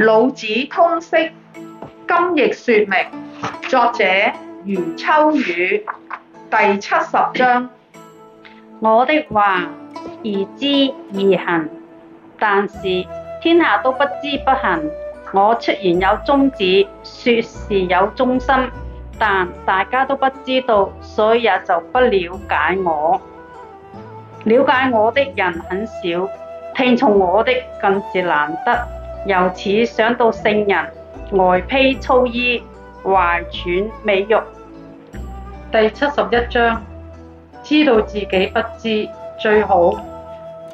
老子通釋今譯說明，作者余秋雨，第七十章。我的話易知易行，但是天下都不知不行。我出言有宗旨，說事有中心，但大家都不知道，所以也就不了解我。了解我的人很少，聽從我的更是難得。由此想到聖人外披粗衣，懷揣美玉。第七十一章：知道自己不知最好，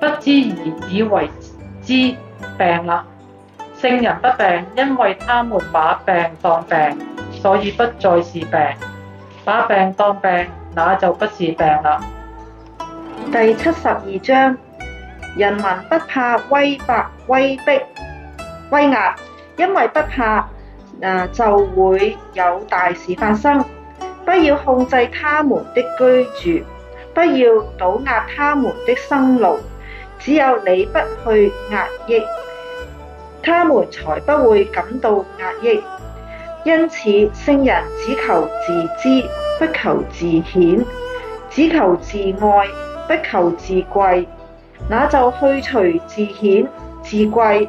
不知而以為知病啦。聖人不病，因為他們把病當病，所以不再是病。把病當病，那就不是病啦。第七十二章：人民不怕威白威迫威逼，威壓，因為不怕，嗱、呃、就會有大事發生。不要控制他們的居住，不要倒壓他們的生路。只有你不去壓抑，他們才不會感到壓抑。因此，聖人只求自知，不求自顯；只求自愛，不求自貴。那就去除自顯、自貴。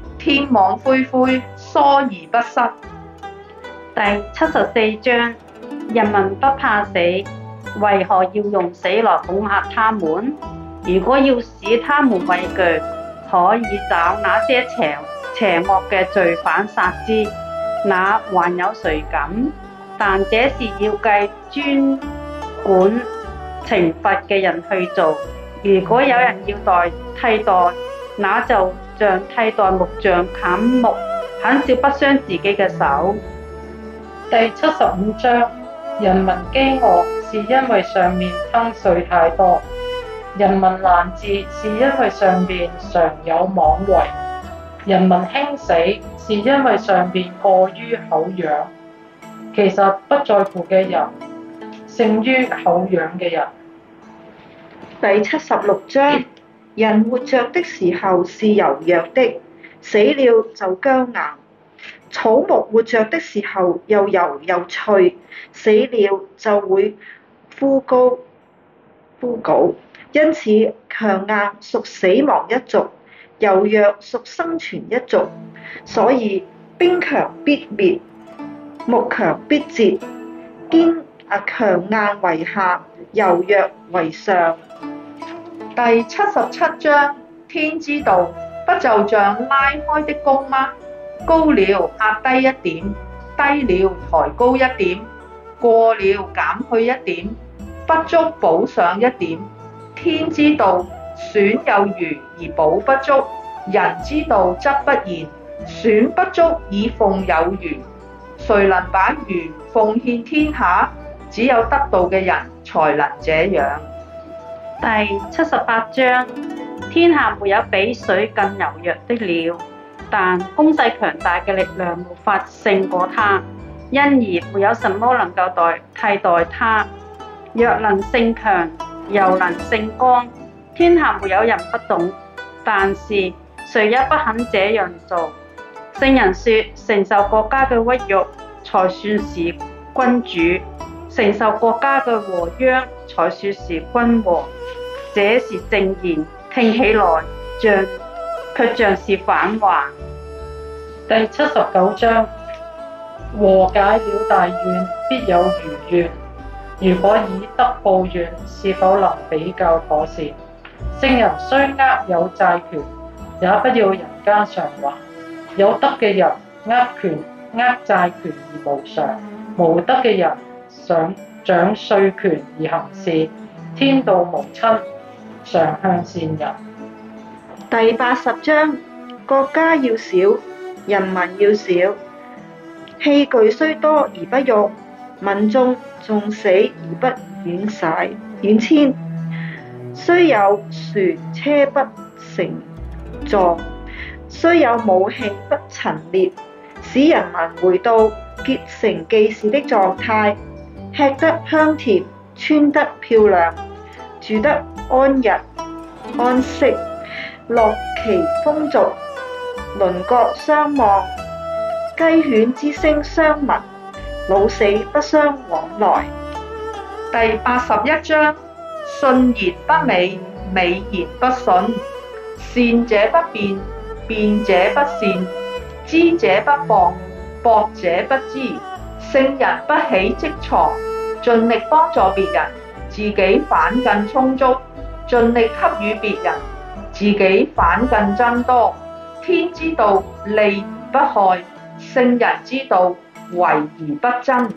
天網恢恢，疏而不失。第七十四章：人民不怕死，為何要用死來恐嚇他們？如果要使他們畏懼，可以找那些邪邪惡嘅罪犯殺之，那還有誰敢？但這是要計專管懲罰嘅人去做。如果有人要代替代，那就。替代木匠砍木，很少不傷自己嘅手。第七十五章：人民飢餓是因為上面坑稅太多，人民難治是因為上面常有妄為，人民輕死是因為上面過於口癢。其實不在乎嘅人勝於口癢嘅人。第七十六章。人活着的時候是柔弱的，死了就僵硬；草木活着的時候又柔又脆，死了就會枯高枯槁。因此，強硬屬死亡一族，柔弱屬生存一族。所以，兵強必滅，木強必折。堅啊，強硬為下，柔弱為上。第七十七章：天之道，不就像拉開的弓嗎？高了壓低一點，低了抬高一點，過了減去一點，不足補上一點。天之道，損有餘而補不足；人之道則不然，損不足以奉有餘。誰能把餘奉獻天下？只有得道嘅人才能這樣。第七十八章：天下沒有比水更柔弱的了，但攻勢強大嘅力量無法勝過它，因而沒有什麼能夠代替代它。若能勝強，又能勝剛，天下沒有人不懂。但是誰也不肯這樣做。聖人說：承受國家嘅屈辱才算是君主，承受國家嘅禍殃才算是君王。這是正言，聽起來像，卻像是反話。第七十九章：和解了大怨，必有餘怨。如果以德報怨，是否能比較妥善？聖人雖握有債權，也不要人間償還。有德嘅人握權、握債權而無償；無德嘅人想掌稅權而行事，天道無親。上向線入第八十章，國家要小，人民要少。器具雖多而不慾，民眾重死而不遠徙遠遷。雖有船車不乘坐，雖有武器不陳列，使人民回到結繩記事的狀態，吃得香甜，穿得漂亮，住得，安日安息，樂其風俗，鄰國相望，雞犬之聲相聞，老死不相往來。第八十一章：信言不美，美言不信；善者不辯，辯者不善；知者不博，博者不知。聖人不喜即藏，盡力幫助別人，自己反更充足。盡力給予別人，自己反更增多。天之道，利而不害；聖人之道，為而不爭。